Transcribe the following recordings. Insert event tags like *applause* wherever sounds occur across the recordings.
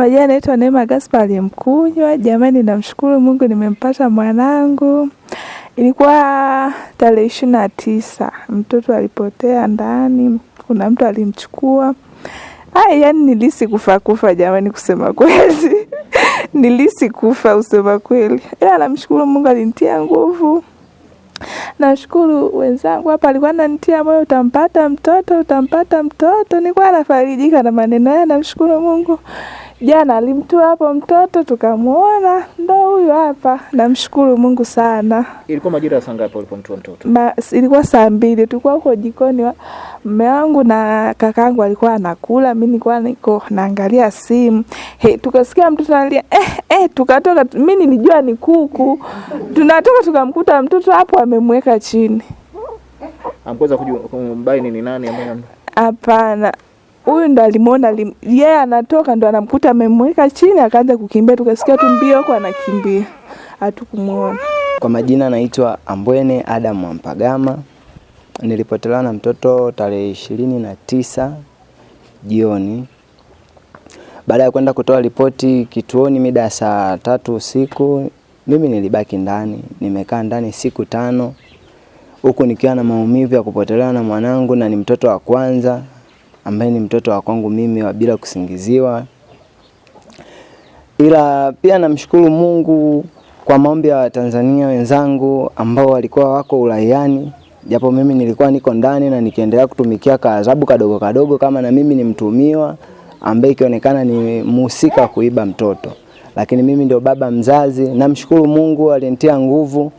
majina naitwa Neema Gaspari Mkunywa. Jamani, namshukuru Mungu nimempata mwanangu. Ilikuwa tarehe ishirini na tisa mtoto alipotea ndani, kuna mtu alimchukua. Ai, yani nilisi kufa kufa jamani, kusema kweli *laughs* nilisi kufa kusema kweli, ila namshukuru Mungu alinitia nguvu. Nashukuru wenzangu hapa alikuwa ananitia moyo, utampata mtoto, utampata mtoto. Nilikuwa nafarijika na maneno haya, namshukuru Mungu jana alimtoa hapo mtoto tukamwona, ndo huyu hapa. Namshukuru Mungu sana. Ilikuwa majira ya saa ngapi ulipomtoa mtoto? Ma, ilikuwa saa mbili, tulikuwa huko jikoni mume wangu na kakaangu alikuwa anakula, mimi nilikuwa niko naangalia simu hey, tukasikia mtoto analia eh, eh, tukatoka. Mimi nilijua ni kuku, tunatoka tukamkuta mtoto hapo amemweka chini. ni nani? Hapana huyu ndo alimwona yeye, yeah, anatoka ndo anamkuta amemweka chini, akaanza kukimbia, tukasikia tu mbio huko anakimbia, hatukumuona. Kwa majina anaitwa Ambwene Adam Mwampagama, nilipotelewa na mtoto tarehe ishirini na tisa jioni baada ya kwenda kutoa ripoti kituoni mida ya saa tatu usiku, mimi nilibaki ndani, nimekaa ndani siku tano, huku nikiwa na maumivu ya kupotelewa na mwanangu, na ni mtoto wa kwanza ambaye ni mtoto wa kwangu mimi wa bila kusingiziwa, ila pia namshukuru Mungu kwa maombi ya Watanzania wenzangu ambao walikuwa wako uraiani, japo mimi nilikuwa niko ndani na nikiendelea kutumikia kaadhabu kadogo kadogo, kama na mimi ni mtumiwa ambaye ikionekana ni mhusika kuiba mtoto, lakini mimi ndio baba mzazi. Namshukuru Mungu alinitia nguvu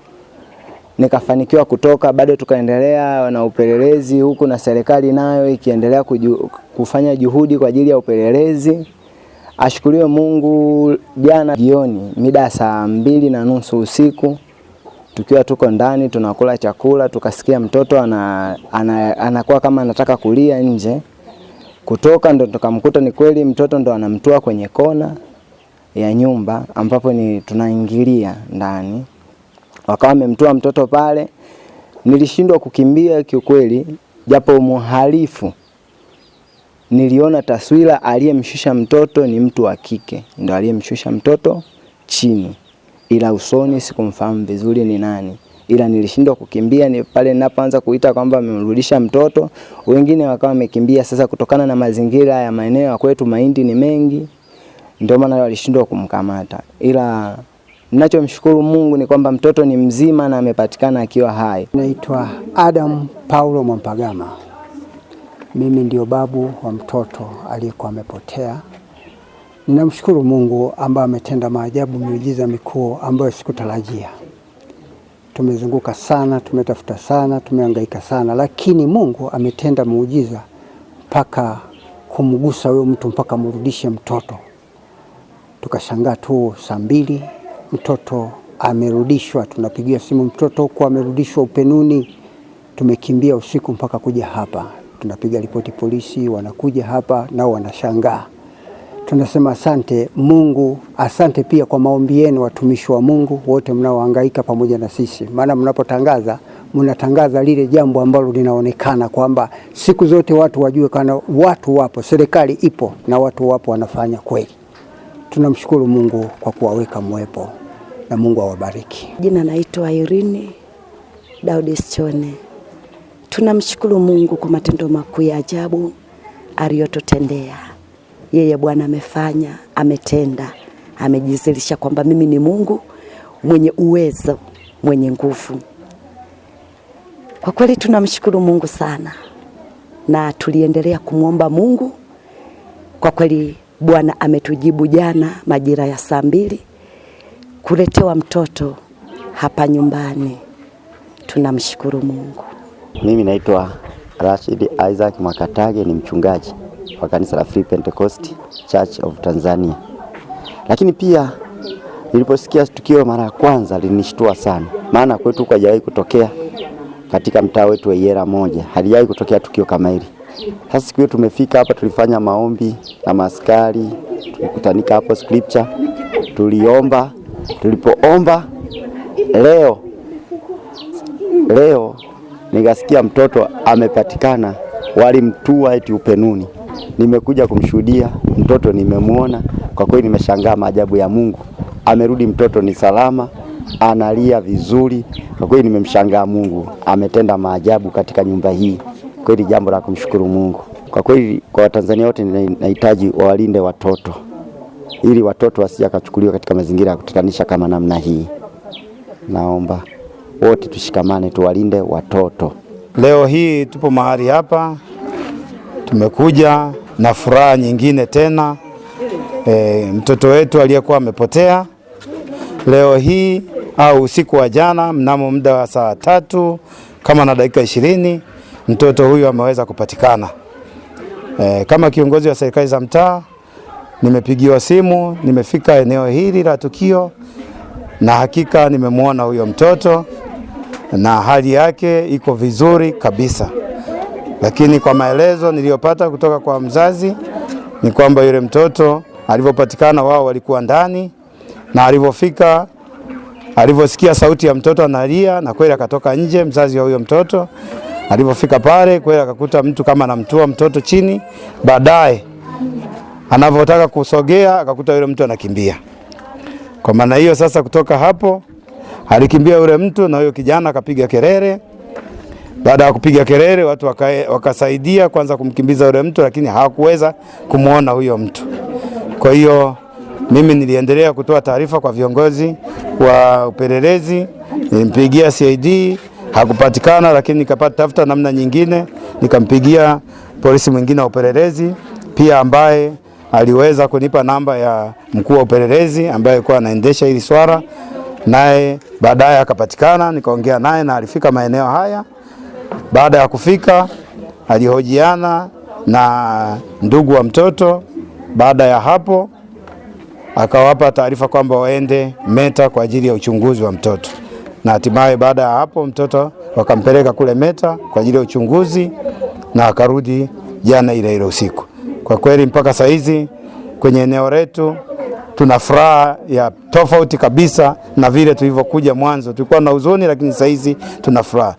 nikafanikiwa kutoka. Bado tukaendelea na upelelezi huku na serikali nayo ikiendelea kuju, kufanya juhudi kwa ajili ya upelelezi. Ashukuriwe Mungu, jana jioni mida saa mbili na nusu usiku tukiwa tuko ndani tunakula chakula tukasikia mtoto ana, ana, anakuwa kama anataka kulia nje. Kutoka ndo tukamkuta ni kweli mtoto ndo anamtua kwenye kona ya nyumba ambapo ni tunaingilia ndani wakawa wamemtoa mtoto pale. Nilishindwa kukimbia kiukweli, japo mhalifu niliona taswira, aliyemshusha mtoto ni mtu wa kike, ndio aliyemshusha mtoto chini, ila usoni sikumfahamu vizuri ni nani, ila nilishindwa kukimbia. Ni pale ninapoanza kuita kwamba amemrudisha mtoto, wengine wakawa wamekimbia. Sasa kutokana na mazingira ya maeneo ya kwetu, mahindi ni mengi, ndio maana walishindwa kumkamata ila Ninachomshukuru Mungu ni kwamba mtoto ni mzima na amepatikana akiwa hai. Naitwa Adam Paulo Mwampagama, mimi ndio babu wa mtoto aliyekuwa amepotea. Ninamshukuru Mungu ambaye ametenda maajabu, miujiza mikuu ambayo sikutarajia. Tumezunguka sana, tumetafuta sana, tumehangaika sana, lakini Mungu ametenda muujiza mpaka kumgusa huyo mtu mpaka mrudishe mtoto. Tukashangaa tu saa mbili mtoto amerudishwa, tunapigia simu mtoto huko amerudishwa upenuni, tumekimbia usiku mpaka kuja hapa. Tunapiga ripoti polisi, wanakuja hapa nao wanashangaa. Tunasema asante Mungu, asante pia kwa maombi yenu, watumishi wa Mungu wote mnaohangaika pamoja na sisi, maana mnapotangaza mnatangaza lile jambo ambalo linaonekana kwamba siku zote watu wajue kana watu wapo, serikali ipo na watu wapo wanafanya kweli. Tunamshukuru Mungu kwa kuwaweka mwepo na Mungu awabariki. Jina naitwa Irene Daudi Sichone. Tunamshukuru Mungu kwa matendo makuu ya ajabu aliyotutendea. Yeye Bwana amefanya, ametenda, amejizilisha kwamba mimi ni Mungu mwenye uwezo, mwenye nguvu. Kwa kweli tunamshukuru Mungu sana, na tuliendelea kumwomba Mungu. Kwa kweli Bwana ametujibu jana majira ya saa mbili kuletewa mtoto hapa nyumbani. Tunamshukuru Mungu. Mimi naitwa Rashid Isaac Mwakatage, ni mchungaji wa kanisa la Free Pentecost Church of Tanzania. Lakini pia niliposikia tukio mara ya kwanza linishtua sana, maana kwetu hajawahi kutokea katika mtaa wetu wa Iyela moja, halijawahi kutokea tukio kama hili. Sasa siku hiyo tumefika hapa, tulifanya maombi na maaskari, tulikutanika hapo scripture, tuliomba Tulipoomba leo leo, nikasikia mtoto amepatikana, walimtua eti Upenuni. Nimekuja kumshuhudia mtoto, nimemwona kwa kweli, nimeshangaa maajabu ya Mungu. Amerudi mtoto, ni salama, analia vizuri. Kwa kweli nimemshangaa Mungu, ametenda maajabu katika nyumba hii. Kweli jambo la kumshukuru Mungu. Kwa kweli, kwa Watanzania wote, nahitaji wawalinde watoto ili watoto wasije akachukuliwa katika mazingira ya kutatanisha kama namna hii. Naomba wote tushikamane, tuwalinde watoto. Leo hii tupo mahali hapa, tumekuja na furaha nyingine tena. E, mtoto wetu aliyekuwa amepotea leo hii au usiku wa jana mnamo muda wa saa tatu kama na dakika ishirini mtoto huyu ameweza kupatikana. E, kama kiongozi wa serikali za mtaa Nimepigiwa simu, nimefika eneo hili la tukio, na hakika nimemwona huyo mtoto na hali yake iko vizuri kabisa, lakini kwa maelezo niliyopata kutoka kwa mzazi ni kwamba yule mtoto alivyopatikana, wao walikuwa ndani, na alivyofika, alivyosikia sauti ya mtoto analia, na kweli akatoka nje, mzazi wa huyo mtoto alivyofika pale, kweli akakuta mtu kama anamtua mtoto chini, baadaye anavyotaka kusogea akakuta yule mtu anakimbia. Kwa maana hiyo sasa, kutoka hapo alikimbia yule mtu na huyo kijana akapiga kelele. Baada ya kupiga kelele, watu wakae, wakasaidia kwanza kumkimbiza yule mtu, lakini hawakuweza kumwona huyo mtu. Kwa hiyo mimi niliendelea kutoa taarifa kwa viongozi wa upelelezi, nilimpigia CID hakupatikana, lakini nikapata tafuta namna nyingine, nikampigia polisi mwingine wa upelelezi pia ambaye aliweza kunipa namba ya mkuu wa upelelezi ambaye alikuwa anaendesha hili swala, naye baadaye akapatikana, nikaongea naye na alifika maeneo haya. Baada ya kufika, alihojiana na ndugu wa mtoto. Baada ya hapo, akawapa taarifa kwamba waende Meta kwa ajili ya uchunguzi wa mtoto, na hatimaye baada ya hapo mtoto wakampeleka kule Meta kwa ajili ya uchunguzi na akarudi jana ile ile usiku. Kwa kweli mpaka saa hizi kwenye eneo letu tuna furaha ya tofauti kabisa na vile tulivyokuja mwanzo. Tulikuwa na huzuni, lakini saa hizi tuna furaha.